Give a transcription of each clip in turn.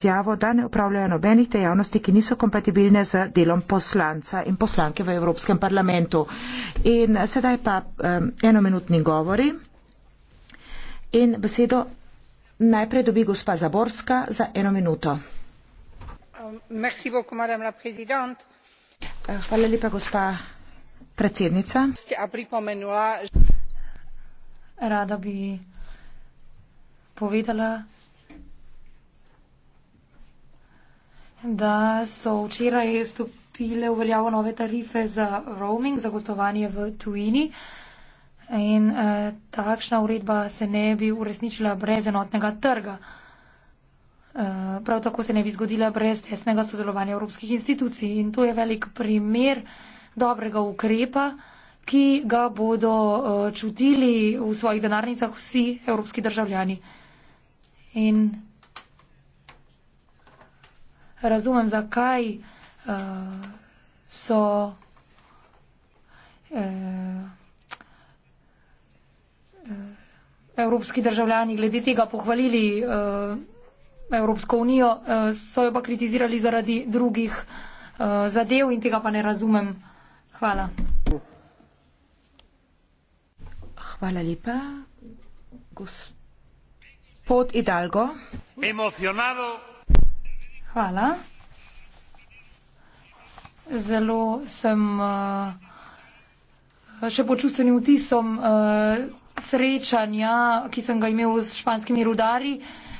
izjavo, da ne upravljajo nobenih dejavnosti, ki niso kompatibilne z delom poslanca in poslanke v Evropskem parlamentu. In sedaj pa um, enominutni govori in besedo najprej dobi gospa Zaborska za eno minuto. Um, eh, hvala lepa, gospa predsednica. Rada bi povedala, da so včeraj stopile v veljavo nove tarife za roaming, za gostovanje v tujini. In eh, takšna uredba se ne bi uresničila brez enotnega trga. Eh, prav tako se ne bi zgodila brez tesnega sodelovanja evropskih institucij. In to je velik primer dobrega ukrepa, ki ga bodo eh, čutili v svojih denarnicah vsi evropski državljani. In razumem, zakaj uh, so uh, evropski državljani glede tega pohvalili uh, Evropsko unijo, uh, so jo pa kritizirali zaradi drugih uh, zadev in tega pa ne razumem. Hvala. Hvala lepa. Gospod Hidalgo. Emocionado Hvala. Zelo sem uh, še počustveni vtisom uh, srečanja, ki sem ga imel s španskimi rudari.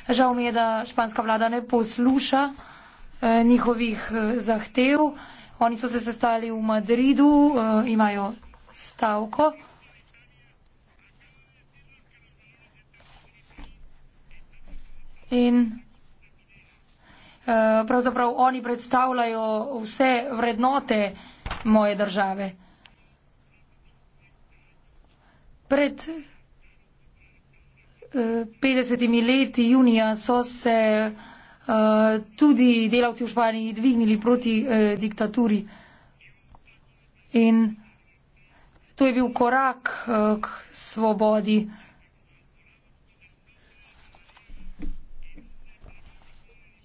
Žal mi je, da španska vlada ne posluša uh, njihovih uh, zahtev. Oni so se sestali v Madridu, uh, imajo stavko. In Eh, pravzaprav oni predstavljajo vse vrednote moje države. Pred 50 eh, leti junija so se uh, tudi delavci v Španiji dvignili proti uh, diktaturi in to je bil korak uh, k svobodi.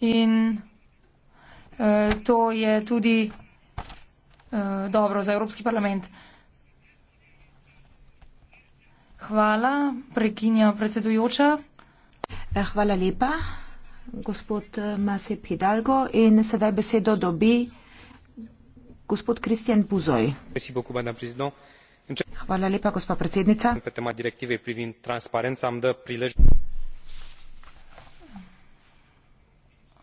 in eh, to je tudi eh, dobro za Evropski parlament. Hvala, prekinja predsedujoča. Eh, hvala lepa, gospod eh, Masip Hidalgo. In sedaj besedo dobi gospod Kristjan Buzoj. Hvala lepa, gospa predsednica.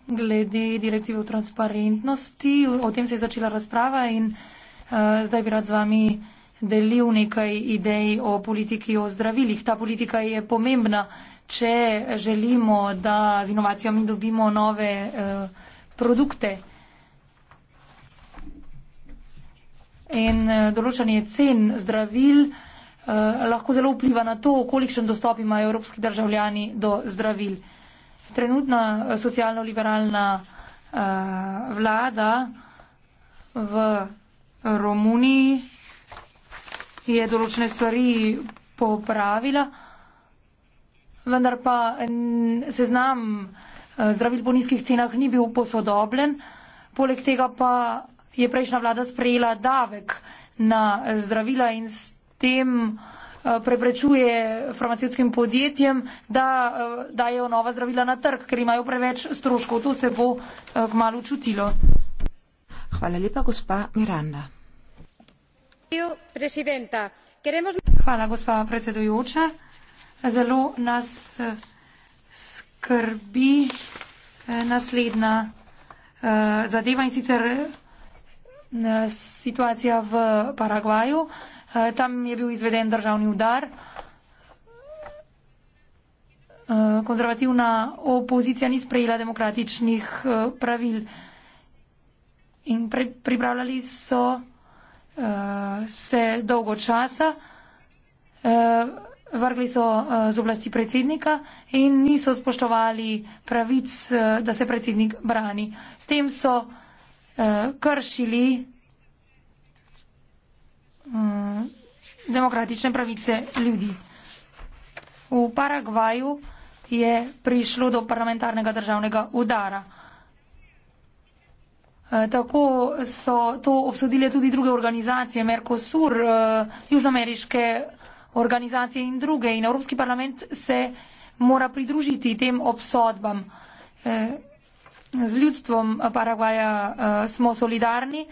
glede direktive o transparentnosti. O tem se je začela razprava in uh, zdaj bi rad z vami delil nekaj idej o politiki o zdravilih. Ta politika je pomembna, če želimo, da z inovacijami dobimo nove uh, produkte. In eh, določanje cen zdravil eh, lahko zelo vpliva na to, kolikšen dostop imajo evropski državljani do zdravil. Eh, trenutna eh, socialno-liberalna uh, vlada v Romuniji je določene stvari popravila, vendar pa seznam eh, zdravil po nizkih cenah ni bil posodobljen. Poleg tega pa je prejšnja vlada sprejela davek na zdravila in s tem uh, Eh, preprečuje farmacijskim podjetjem, da eh, dajo nova zdravila na trg, ker imajo preveč stroškov. To se bo eh, kmalo čutilo. Hvala lepa, gospa Miranda. Hvala, gospa predsedujoča. Zelo nas skrbi naslednja zadeva in sicer situacija v Paragvaju. Eh, tam je bil izveden državni udar. Eh, konzervativna opozicija ni sprejela demokratičnih eh, pravil in pripravljali so se dolgo časa, vrgli so z oblasti predsednika in niso spoštovali pravic, da se predsednik brani. S tem so kršili um, demokratične pravice ljudi. V Paragvaju je prišlo do parlamentarnega državnega udara. Eh, tako so to obsodile tudi druge organizacije, Mercosur, eh, južnoameriške organizacije in druge. In Evropski parlament se mora pridružiti tem obsodbam. Eh, z ljudstvom Paragvaja smo solidarni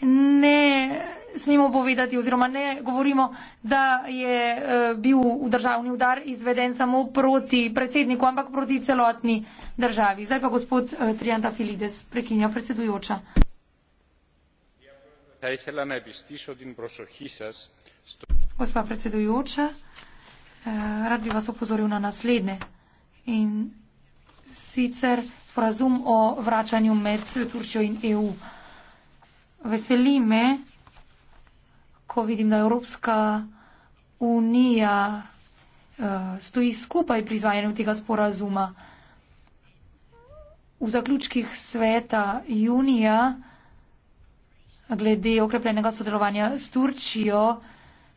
ne smemo povedati oziroma ne govorimo, da je eh, bil državni udar izveden samo proti predsedniku, ampak proti celotni državi. Zdaj pa gospod eh, Trianta Filides prekinja predsedujoča. Gospa predsedujoča, eh, rad bi vas opozoril na naslednje. In sicer sporazum o vračanju med Turčjo in EU veseli me, ko vidim, da Evropska unija eh, stoji skupaj pri izvajanju tega sporazuma. V zaključkih sveta junija glede okrepljenega sodelovanja s Turčijo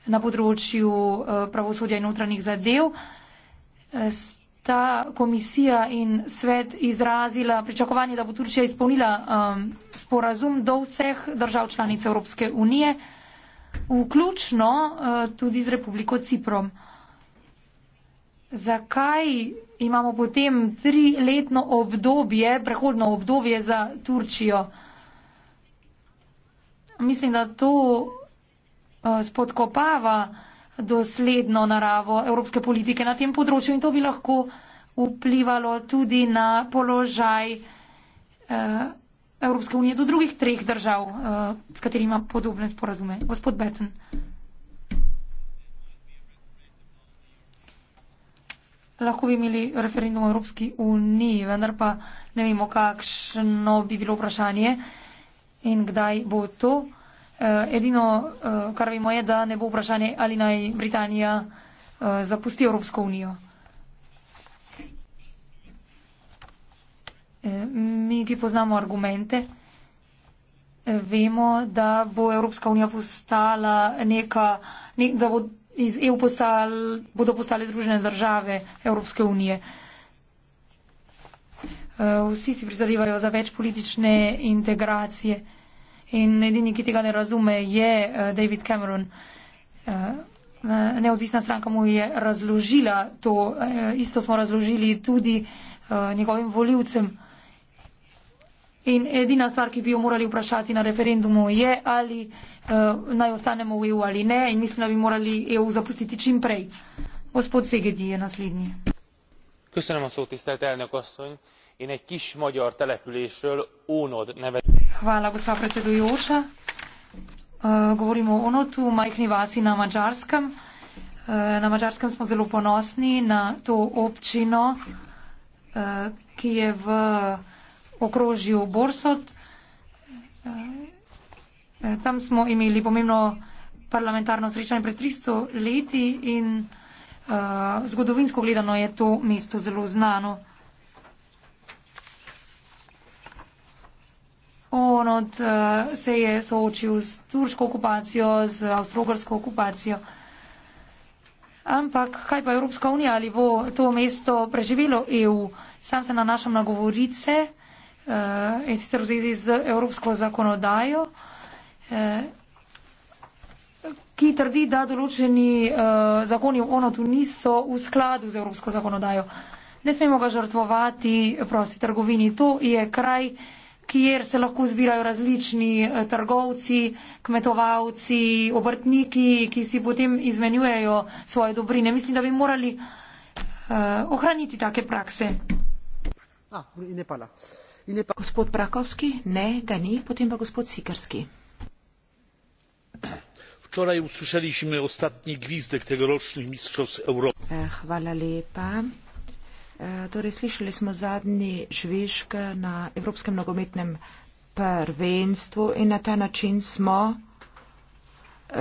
na področju eh, pravosodja in notranjih zadev eh, ta komisija in svet izrazila pričakovanje, da bo Turčija izpolnila um, sporazum do vseh držav članic Evropske unije, vključno uh, tudi z Republiko Ciprom. Zakaj imamo potem triletno obdobje, prehodno obdobje za Turčijo? Mislim, da to uh, spodkopava uh, dosledno naravo evropske politike na tem področju in to bi lahko vplivalo tudi na položaj eh, Evropske unije do drugih treh držav, eh, s katerimi ima podobne sporazume. Gospod Betten. Lahko bi imeli referendum o Evropski uniji, vendar pa ne vemo, kakšno bi bilo vprašanje in kdaj bo to. Eh, edino, eh, kar vemo, je, da ne bo vprašanje, ali naj Britanija eh, zapusti Evropsko unijo. Mi, ki poznamo argumente, vemo, da bo Evropska unija postala neka, ne, da bo iz EU postal, bodo postale združene države Evropske unije. Vsi si prizadevajo za več politične integracije. In edini, ki tega ne razume, je eh, David Cameron. Eh, eh, neodvisna stranka mu je razložila to. Isto smo razložili tudi njegovim voljivcem. In edina stvar, ki bi jo morali vprašati na referendumu, je, ali uh, naj ostanemo v EU ali ne. In mislim, da bi morali EU zapustiti čim prej. Gospod Segedi je naslednji. Köszönöm a szót, tisztelt elnök asszony. Én egy kis magyar településről, Ónod nevet hvala, gospa predsedujoča. Eh, govorimo o Onotu, majhni vasi na Mačarskem. Eh, na Mačarskem smo zelo ponosni na to občino, eh, ki je v okrožju Borsot. Tam smo imeli pomembno parlamentarno srečanje pred 300 leti in zgodovinsko gledano je to mesto zelo znano. on od, eh, se je soočil s turško okupacijo, z avstrogarsko okupacijo. Ampak kaj pa Evropska unija ali bo to mesto preživelo EU? Sam se nanašam na govorice eh, in sicer v zvezi z evropsko zakonodajo, eh, ki trdi, da določeni zakoni v ONOTU niso v skladu z evropsko zakonodajo. Ne smemo ga žrtvovati prosti trgovini. To je kraj, kjer se lahko zbirajo različni eh, trgovci, kmetovalci, obrtniki, ki si potem izmenjujejo svoje dobrine. Mislim, da bi morali uh, ohraniti take prakse. A, ah, in je pala. In je pa... Gospod Prakovski, ne, ga ni, potem pa gospod Sikarski. Včeraj uslišali smo ostatni gvizdek tega ročnih mistrovstv Evrope. Eh, hvala lepa. Torej, slišali smo zadnji žvižg na Evropskem nogometnem prvenstvu in na ta način smo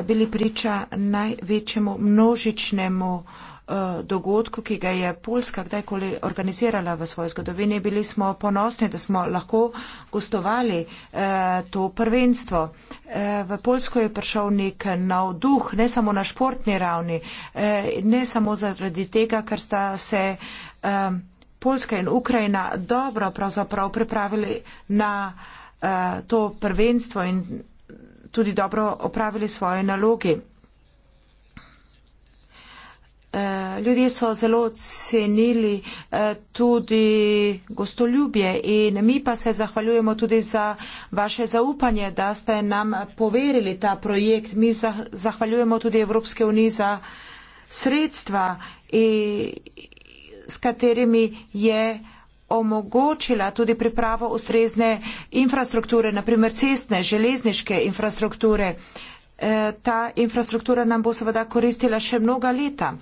bili priča največjemu množičnemu eh, dogodku, ki ga je Poljska kdajkoli organizirala v svoji zgodovini. Bili smo ponosni, da smo lahko gostovali eh, to prvenstvo. Eh, v Poljsko je prišel nek nov duh, ne samo na športni ravni, eh, ne samo zaradi tega, ker sta se eh, um, Poljska in Ukrajina dobro pravzaprav pripravili na uh, to prvenstvo in tudi dobro opravili svoje naloge. Eh, ljudje so zelo cenili eh, tudi gostoljubje in mi pa se zahvaljujemo tudi za vaše zaupanje, da ste nam poverili ta projekt. Mi zahvaljujemo tudi Evropske unije za sredstva s katerimi je omogočila tudi pripravo ustrezne infrastrukture, naprimer cestne, železniške infrastrukture. E, ta infrastruktura nam bo seveda koristila še mnoga leta.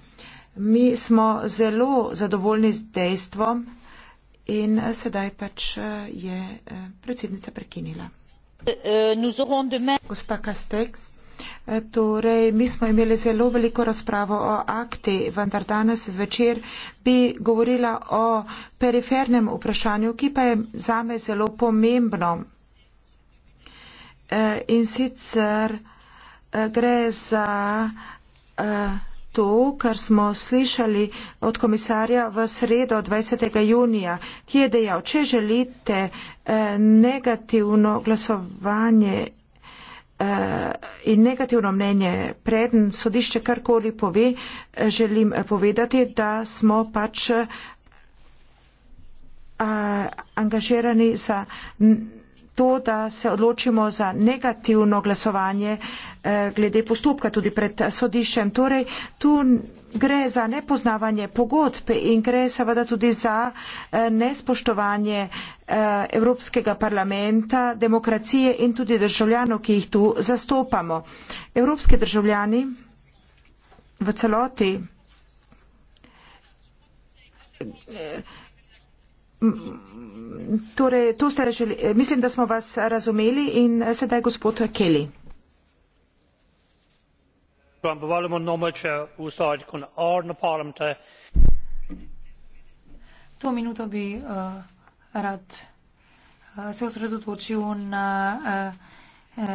Mi smo zelo zadovoljni z dejstvom in e, sedaj pač e, je predsednica prekinila. Gospa Kasteks. Torej, mi smo imeli zelo veliko razpravo o akti, vendar danes zvečer bi govorila o perifernem vprašanju, ki pa je zame zelo pomembno. E, in sicer e, gre za e, to, kar smo slišali od komisarja v sredo 20. junija, ki je dejal, če želite negativno glasovanje Eh, in negativno mnenje, preden sodišče karkoli pove, eh, želim eh, povedati, da smo pač angažirani za to, da se odločimo za negativno glasovanje eh, glede postopka tudi pred sodiščem. Torej, tu gre za nepoznavanje pogodb in gre seveda tudi za eh, nespoštovanje eh, Evropskega parlamenta, demokracije in tudi državljanov, ki jih tu zastopamo. Evropski državljani v celoti Torej, to ste rešili. Mislim, da smo vas razumeli in sedaj gospod Kelly. Eh, eh. To minuto bi uh, rad uh, se osredotočil na uh, uh,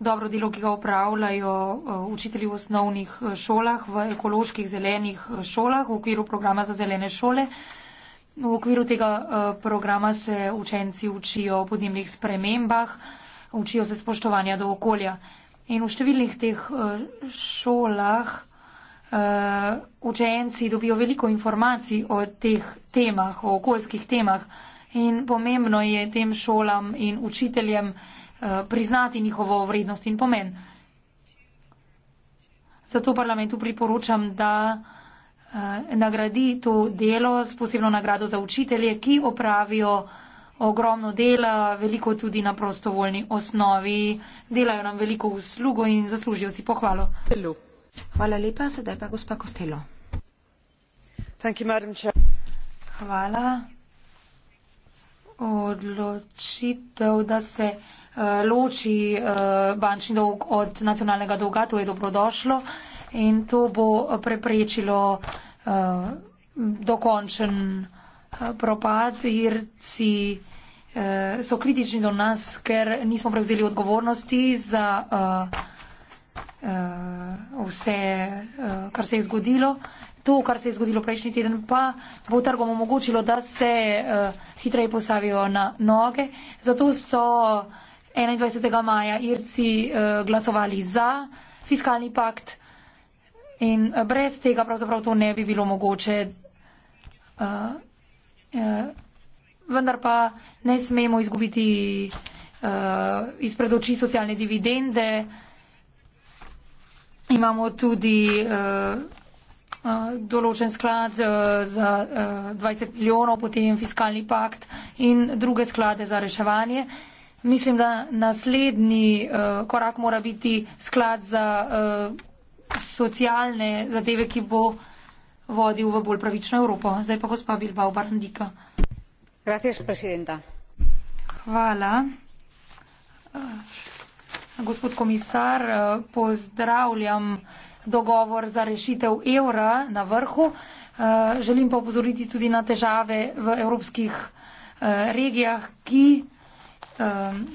dobro delo, ki ga upravljajo uh, učitelji v osnovnih šolah, v ekoloških zelenih šolah v okviru programa za zelene šole. Uh, V okviru tega eh, programa se učenci učijo o podnebnih spremembah, učijo se spoštovanja do okolja. In v številnih teh eh, šolah eh, učenci dobijo veliko informacij o teh temah, o okoljskih temah. In pomembno je tem šolam in učiteljem priznati njihovo vrednost in pomen. Zato parlamentu priporočam, da Eh, nagradi to delo s posebno nagrado za učitelje, ki opravijo ogromno dela, veliko tudi na prostovoljni osnovi, delajo nam veliko uslugo in zaslužijo si pohvalo. Hvala lepa, sedaj pa gospa Kostelo. Hvala. Odločitev, da se uh, loči uh, bančni dolg od nacionalnega dolga, to je dobrodošlo. Uh, in to bo preprečilo uh, dokončen uh, propad. Irci uh, so kritični do nas, ker nismo prevzeli odgovornosti za uh, uh, vse, uh, kar se je zgodilo. To, kar se je zgodilo prejšnji teden, pa bo trgom omogočilo, da se uh, hitreje postavijo na noge. Zato so 21. maja Irci uh, glasovali za fiskalni pakt. Uh, In eh, brez tega pravzaprav to ne bi bilo mogoče. Uh, uh, vendar pa ne smemo izgubiti uh, izpred oči socialne dividende. Imamo tudi uh, uh, določen sklad uh, za uh, 20 milijonov, potem fiskalni pakt in druge sklade za reševanje. Mislim, da naslednji uh, korak mora biti sklad za. Uh, socialne zadeve, ki bo vodil v bolj pravično Evropo. Zdaj pa gospa Bilbao Barandika. Hvala. Eh, gospod komisar, eh, pozdravljam dogovor za rešitev evra na vrhu. Eh, želim pa opozoriti tudi na težave v evropskih regijah, ki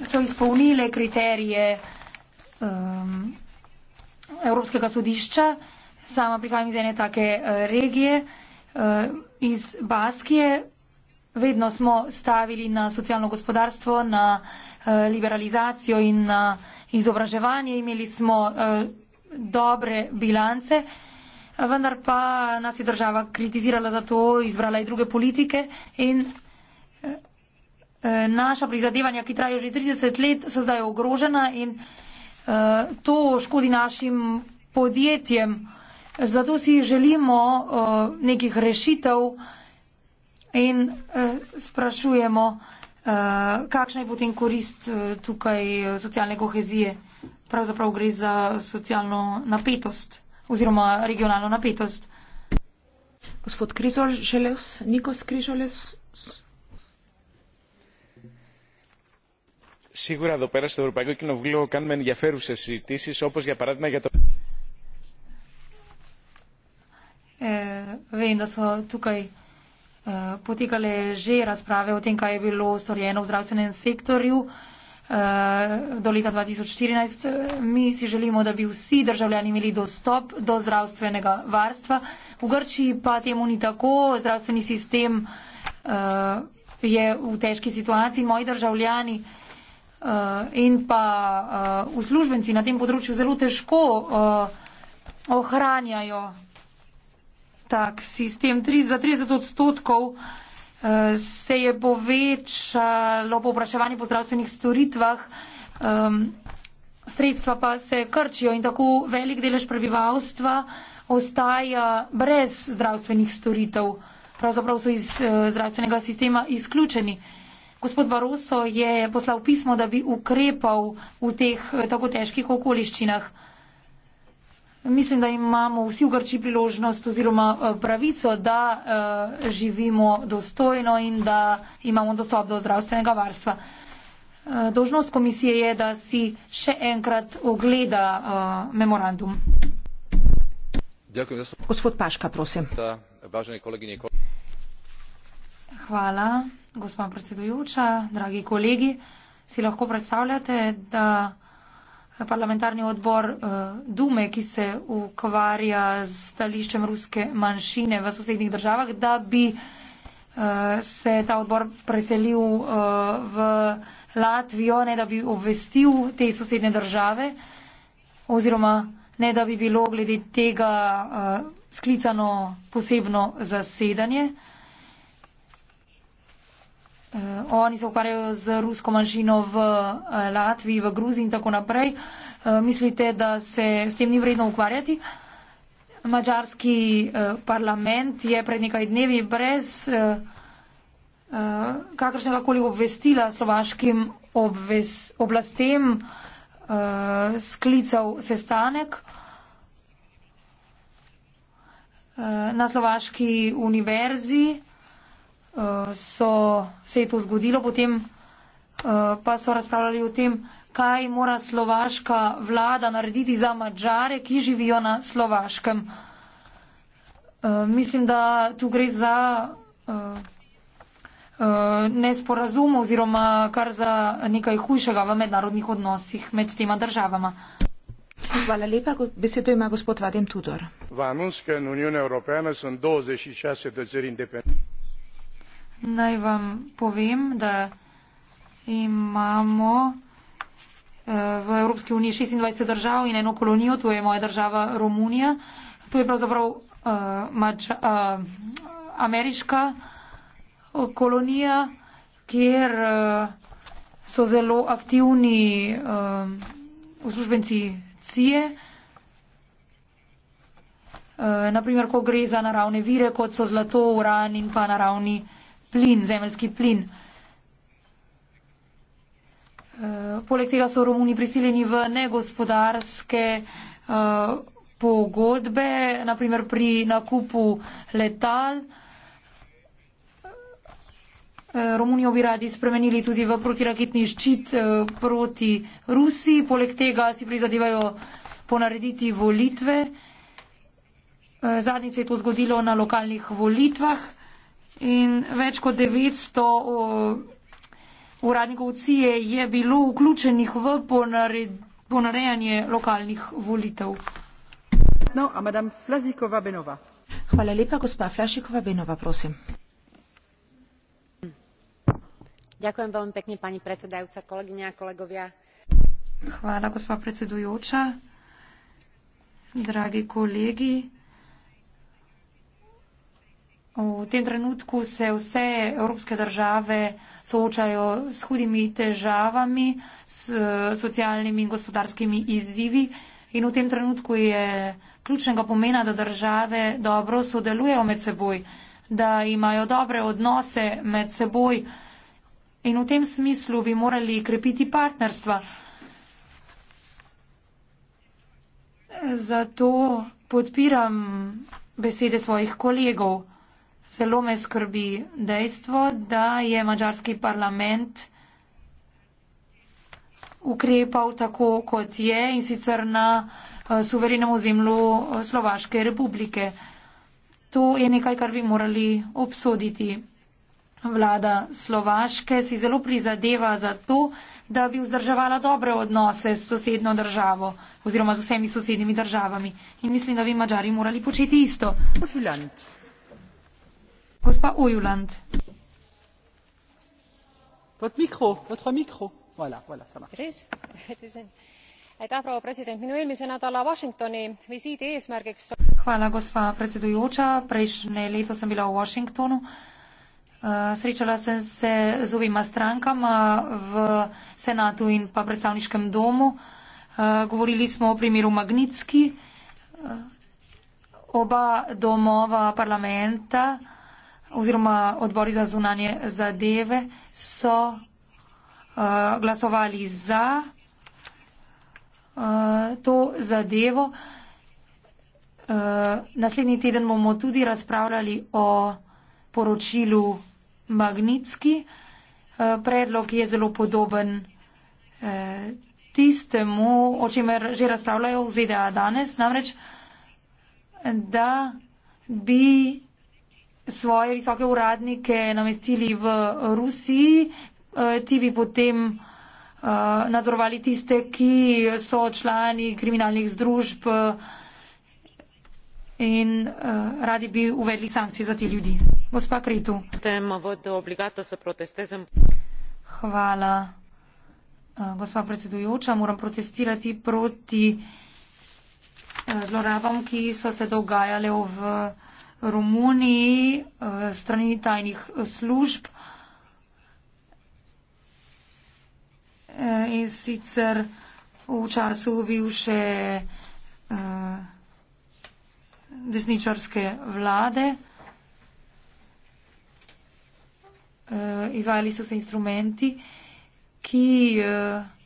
so izpolnile kriterije Evropskega sodišča. Sama prihajam iz ene take eh, regije, eh, iz Baskije. Vedno smo stavili na socialno gospodarstvo, na eh, liberalizacijo in na izobraževanje. Imeli smo dobre bilance, vendar pa nas je država kritizirala za to, izbrala je druge politike in naša prizadevanja, ki trajajo že 30 let, so zdaj ogrožena in Eh, to škodi našim podjetjem. Zato si želimo uh, nekih rešitev in uh, sprašujemo, uh, kakšna je potem korist uh, tukaj socialne kohezije. Pravzaprav gre za socialno napetost oziroma regionalno napetost. Gospod Krizol, želel, Nikos Križoles. σίγουρα εδώ πέρα στο Ευρωπαϊκό Κοινοβούλιο κάνουμε ενδιαφέρουσες συζητήσεις όπως για παράδειγμα για το... Vendo so tukaj e, potekale že razprave o tem, kaj je bilo storjeno v zdravstvenem sektorju e, do leta 2014. Mi si želimo, da bi vsi državljani imeli dostop do zdravstvenega varstva. V Grčiji pa temu ni tako. Zdravstveni sistem e, je v težki situaciji. Moji državljani Eh, in pa eh, uslužbenci na tem področju zelo težko eh, ohranjajo tak sistem. Za 30 odstotkov se je povečalo povpraševanje po zdravstvenih storitvah, sredstva pa se krčijo in tako velik delež prebivalstva ostaja brez zdravstvenih storitev. Pravzaprav so iz zdravstvenega sistema izključeni. Gospod Baroso je poslal pismo, da bi ukrepal v teh eh, tako težkih okoliščinah. Mislim, da imamo vsi v Grči priložnost oziroma eh, pravico, da eh, živimo dostojno in da imamo dostop do zdravstvenega varstva. Dožnost komisije je, da si še enkrat ogleda memorandum. Dakujem, gospod Paška, prosim. Hvala. Gospa predsedujoča, dragi kolegi, si lahko predstavljate, da parlamentarni odbor eh, Dume, ki se ukvarja z stališčem ruske manjšine v sosednjih državah, da bi eh, se ta odbor preselil eh, v Latvijo, ne da bi obvestil te sosednje države oziroma ne da bi bilo glede tega sklicano posebno zasedanje. Uh, oni se ukvarjajo z rusko manjšino v uh, Latviji, v Gruziji in tako naprej. Uh, mislite, da se s tem ni vredno ukvarjati? Mačarski uh, parlament je pred nekaj dnevi brez uh, uh, kakršnega koli obvestila slovaškim obves, oblastem uh, sklical sestanek uh, na slovaški univerzi. Uh, so, se je to zgodilo potem, eh, pa so razpravljali o tem, kaj mora slovaška vlada narediti za mačare, ki živijo na slovaškem. Eh, mislim, da tu gre za eh, nesporazum oziroma kar za nekaj hujšega v mednarodnih odnosih med tema državama. Hvala lepa. Besedo ima gospod Vadim Tudor naj vam povem, da imamo eh, v Evropski uniji 26 držav in eno kolonijo, to je moja država Romunija. To je pravzaprav uh, mač, uh, ameriška kolonija, kjer uh, so zelo aktivni uh, uslužbenci CIE. Uh, naprimer, ko gre za naravne vire, kot so zlato, uran in pa naravni uh, plin, zemeljski plin. E, poleg tega so Romuni prisiljeni v negospodarske e, pogodbe, naprimer pri nakupu letal. E, Romunijo bi radi spremenili tudi v protiraketni ščit proti Rusiji, poleg tega si prizadevajo ponarediti volitve. Zadnjič se je to zgodilo na lokalnih volitvah in več kot 900 uh, uradnikov CIA je bilo vključenih v ponare, ponarejanje lokalnih volitev. No, a madam Flazikova Benova. Hvala lepa, gospa Flašikova Benova, prosim. Ďakujem veľmi pekne, pani predsedajúca, kolegyňa a kolegovia. Hvala, gospa predsedujúča. Dragi kolegi. V tem trenutku se vse evropske države soočajo s hudimi težavami, s socialnimi in gospodarskimi izzivi in v tem trenutku je ključnega pomena, da države dobro sodelujejo med seboj, da imajo dobre odnose med seboj in v tem smislu bi morali krepiti partnerstva. Zato podpiram besede svojih kolegov. Zelo me skrbi dejstvo, da je mađarski parlament ukrepal tako, kot je in sicer na eh, suverenem ozemlju eh, Slovaške republike. To je nekaj, kar bi morali obsoditi. Vlada Slovaške si zelo prizadeva za to, da bi vzdrževala dobre odnose s sosedno državo oziroma z vsemi sosednimi državami. In mislim, da bi mađari morali početi isto. Požiljant gospa ujuland minu eelmise nädala washingtoni visiidi eesmärgiks hvala gospa predsedujoča prejšnje leto sem bila v washingtonu eh, srečala sem se z obima strankama v senatu in pa predstavniškem domu eh, govorili smo o primeru magnitski eh, oba domova parlamenta oziroma odbori za zunanje zadeve so uh, glasovali za uh, to zadevo. Uh, naslednji teden bomo tudi razpravljali o poročilu Magnitski. Uh, predlog je zelo podoben uh, tistemu, o čemer že razpravljajo v ZDA danes, namreč, da bi svoje visoke uradnike namestili v Rusiji, e, ti bi potem e, nadzorovali tiste, ki so člani kriminalnih združb in e, radi bi uvedli sankcije za te ljudi. Gospa Kritu. Hvala. Gospa predsedujoča, moram protestirati proti zlorabam, ki so se dogajale v Rusiji. Romuniji eh, strani tajnih služb. Eh, in sicer v času bivše eh, desničarske vlade. Izvajali so se instrumenti, ki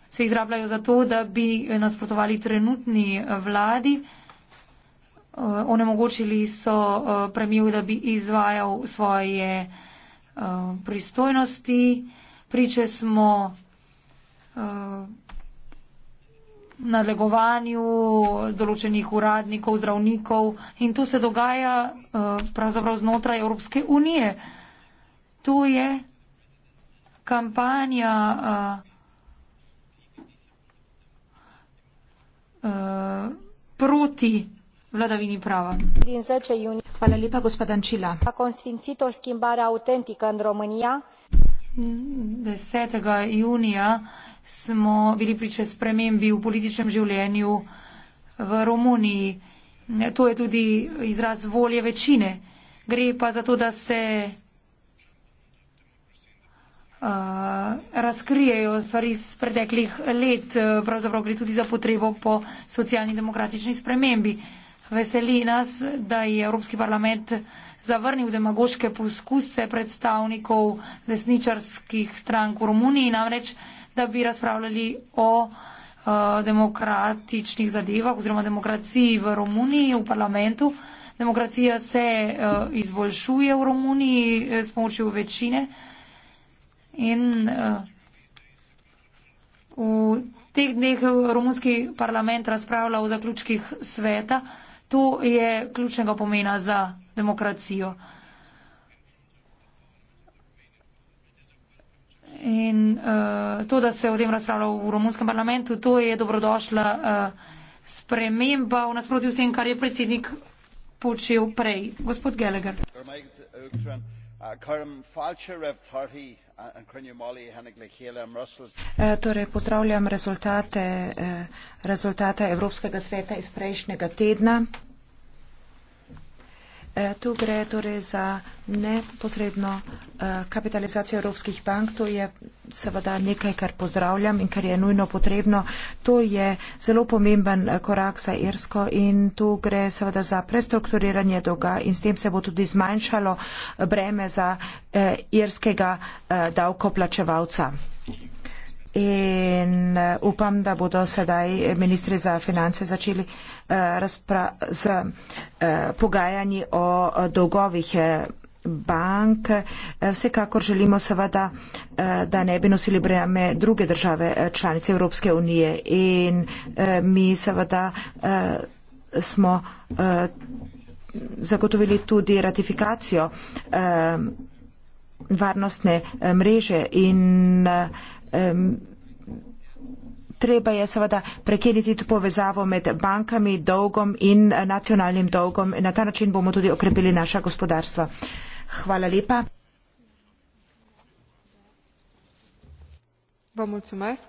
se izrabljajo za to, da bi nasprotovali trenutni vladi. Eh, onemogočili so eh, premijev, da bi izvajal svoje eh, pristojnosti. Priče smo nadlegovanju določenih uradnikov, zdravnikov in to se dogaja pravzaprav znotraj Evropske unije. To je kampanja proti vladavini prava. Din 10 iunie. Hvala lepa, gospa Dančila. A consfințit o schimbare autentică în România? 10. junija smo bili priče spremembi v političnem življenju v Romuniji. To je tudi izraz volje večine. Gre pa za to, da se uh, razkrijejo stvari iz preteklih let, pravzaprav gre tudi za potrebo po socialni demokratični spremembi. Uh, Veseli nas, da je Evropski parlament zavrnil demagoške poskuse predstavnikov desničarskih strank v Romuniji, namreč, da bi razpravljali o uh, demokratičnih zadevah oziroma demokraciji v Romuniji, v parlamentu. Demokracija se uh, izboljšuje v Romuniji eh, s pomočjo večine in uh, v teh dneh Romunski parlament razpravlja o zaključkih sveta. To je ključnega pomena za demokracijo. In uh, to, da se o tem razpravlja v romunskem parlamentu, to je dobrodošla uh, sprememba v nasprotju s tem, kar je predsednik počel prej. Gospod Gallagher. Uh, Uh, uh, eh, torej, pozdravljam rezultate, eh, rezultate Evropskega sveta iz prejšnjega tedna. E, tu gre torej za neposredno e, kapitalizacijo evropskih bank. To je seveda nekaj, kar pozdravljam in kar je nujno potrebno. To je zelo pomemben e, korak za Irsko in tu gre seveda za prestrukturiranje dolga in s tem se bo tudi zmanjšalo breme za irskega davkoplačevalca in eh, upam, da bodo sedaj ministri za finance začeli eh, z eh, pogajanji o dolgovih bank. Vsekakor želimo seveda, da ne bi nosili breme druge države članice Evropske unije in mi seveda smo zagotovili tudi ratifikacijo varnostne mreže in um, treba je seveda prekiniti to povezavo med bankami, dolgom in eh, nacionalnim dolgom. Na ta način bomo tudi okrepili naša gospodarstva. Hvala lepa. Vă mulțumesc.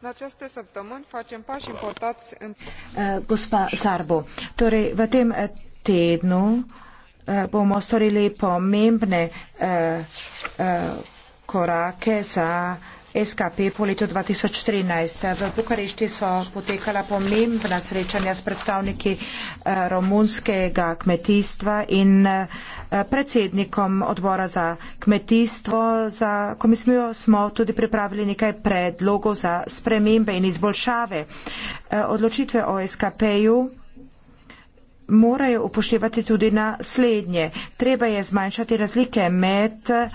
În aceste săptămâni facem pași importați în... Eh, gospa Sarbo, torej, v tem eh, tednu bomo storili pomembne uh, uh, korake za sa... SKP po letu 2013. V Bukarešti so potekala pomembna srečanja s predstavniki eh, romunskega kmetijstva in eh, predsednikom odbora za kmetijstvo. Za komisijo smo tudi pripravili nekaj predlogov za spremembe in izboljšave eh, odločitve o SKP-ju morajo upoštevati tudi na slednje. Treba je zmanjšati razlike med eh,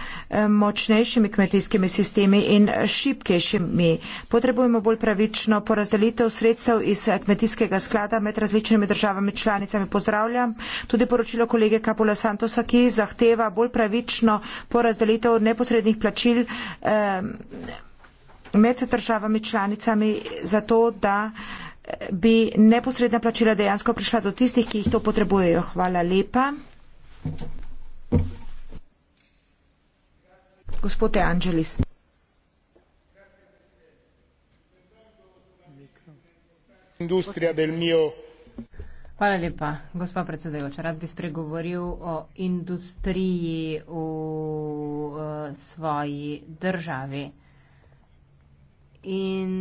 močnejšimi kmetijskimi sistemi in šipkejšimi. Potrebujemo bolj pravično porazdelitev sredstev iz eh, kmetijskega sklada med različnimi državami članicami. Pozdravljam tudi poročilo kolege Kapula Santosa, ki zahteva bolj pravično porazdelitev neposrednih plačil eh, med državami članicami zato, da bi neposredna plačila dejansko prišla do tistih, ki jih to potrebujejo. Hvala lepa. Gospod De Angelis. Hvala lepa, gospod predsedujoča. Rad bi spregovoril o industriji v uh, svoji državi. In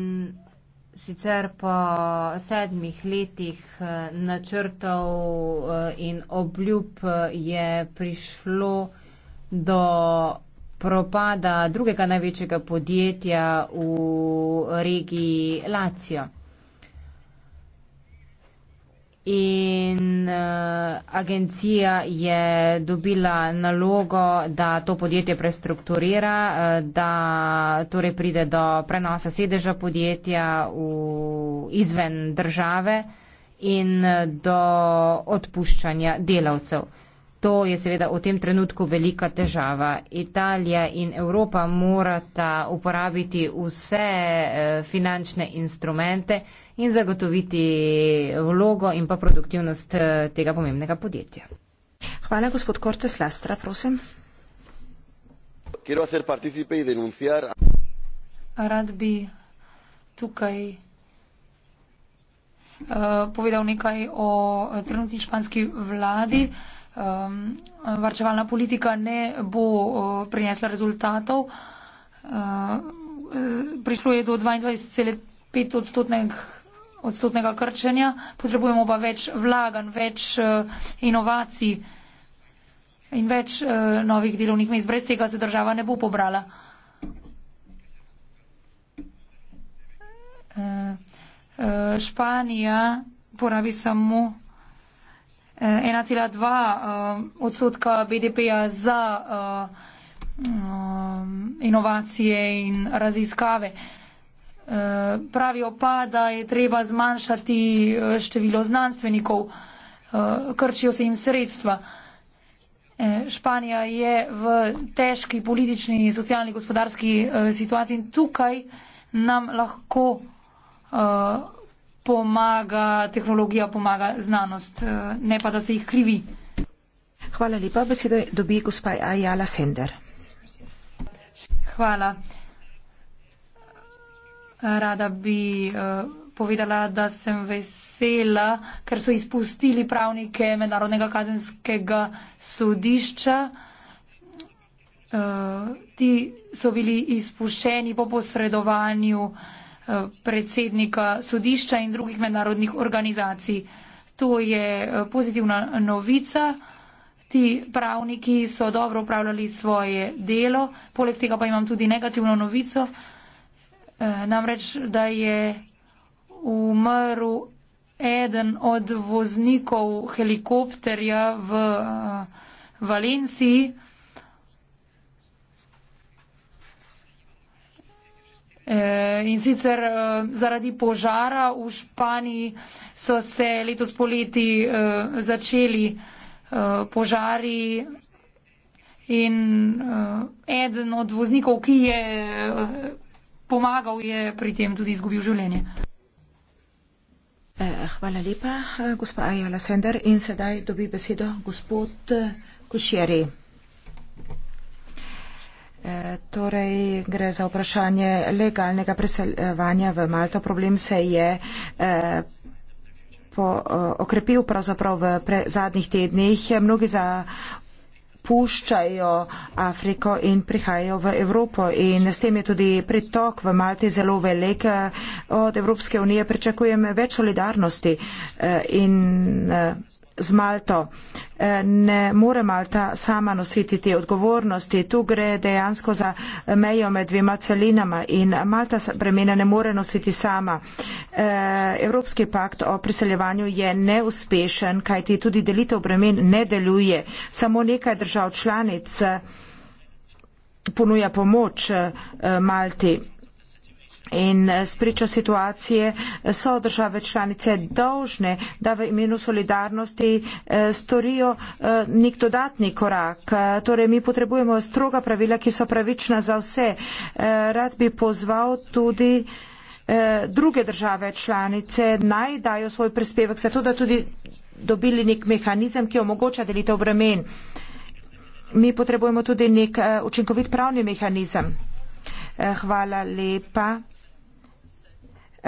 sicer po sedmih letih eh, načrtov eh, in obljub eh, je prišlo do propada drugega največjega podjetja v regiji Lacija in uh, agencija je dobila nalogo, da to podjetje prestrukturira, uh, da torej pride do prenosa sedeža podjetja v, izven države in uh, do odpuščanja delavcev. Uh, To je seveda v tem trenutku velika težava. Italija in Evropa morata uporabiti vse eh, finančne instrumente in zagotoviti vlogo in pa produktivnost eh, tega pomembnega podjetja. Hvala, gospod Kortes Lastra, prosim. Rad bi tukaj uh, povedal nekaj o trenutni španski vladi. Hmm um, varčevalna politika ne bo uh, prinesla rezultatov. Uh, prišlo je do 22,5 odstotnega odstotnega krčenja, potrebujemo pa več vlaganj, več uh, inovacij in več uh, novih delovnih mest. Brez tega se država ne bo pobrala. Uh, uh, Španija porabi samo 1,2 eh, eh, odstotka BDP-ja za eh, inovacije in raziskave. Pravijo pa, da je treba zmanjšati število znanstvenikov, krčijo se jim sredstva. Španija je v težki politični, socialni, gospodarski situaciji in tukaj nam lahko pomaga tehnologija, pomaga znanost, eh, ne pa da se jih krivi. Hvala lepa. Besedo dobi gospa Ajala Sender. Hvala. Rada bi eh, povedala, da sem vesela, ker so izpustili pravnike Mednarodnega kazenskega sodišča. Eh, ti so bili izpušeni po posredovanju uh, Eh, predsednika sodišča in drugih mednarodnih organizacij. To je eh, pozitivna novica. Ti pravniki so dobro upravljali svoje delo. Poleg tega pa imam tudi negativno novico. Eh, namreč, da je umrl eden od voznikov helikopterja v Valenciji. Eh, in sicer eh, zaradi požara v Španiji so se letos poleti eh, začeli požari in eden od voznikov, ki je pomagal, je pri tem tudi izgubil življenje. Hvala lepa, gospa Ajala Sender. In sedaj dobi besedo gospod Košjeri. E, torej gre za vprašanje legalnega preseljevanja v Malto. Problem se je e, po, e, okrepil pravzaprav v pre, zadnjih tednih. Mnogi zapuščajo Afriko in prihajajo v Evropo in s tem je tudi pritok v Malti zelo velik. Od Evropske unije pričakujeme več solidarnosti in z Malto. E, ne more Malta sama nositi te odgovornosti. Tu gre dejansko za mejo med dvema celinama in Malta bremena ne more nositi sama. E, Evropski pakt o priseljevanju je neuspešen, kajti tudi delitev bremen ne deluje. Samo nekaj držav članic ponuja pomoč e, Malti in eh, spričo situacije eh, so države članice dolžne, da v imenu solidarnosti eh, storijo nek dodatni korak. Torej, mi potrebujemo stroga pravila, ki so pravična za vse. Rad bi pozval tudi druge države članice naj dajo svoj prispevek za to, da tudi dobili nek mehanizem, ki omogoča delitev bremen. Mi potrebujemo tudi nek učinkovit pravni mehanizem. Hvala lepa.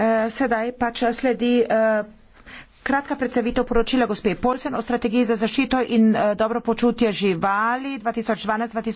Eh, sedaj pač sledi. Eh, Kratka predstavitev poročila gospe Polsen o strategiji za zaščito in eh, dobro počutje živali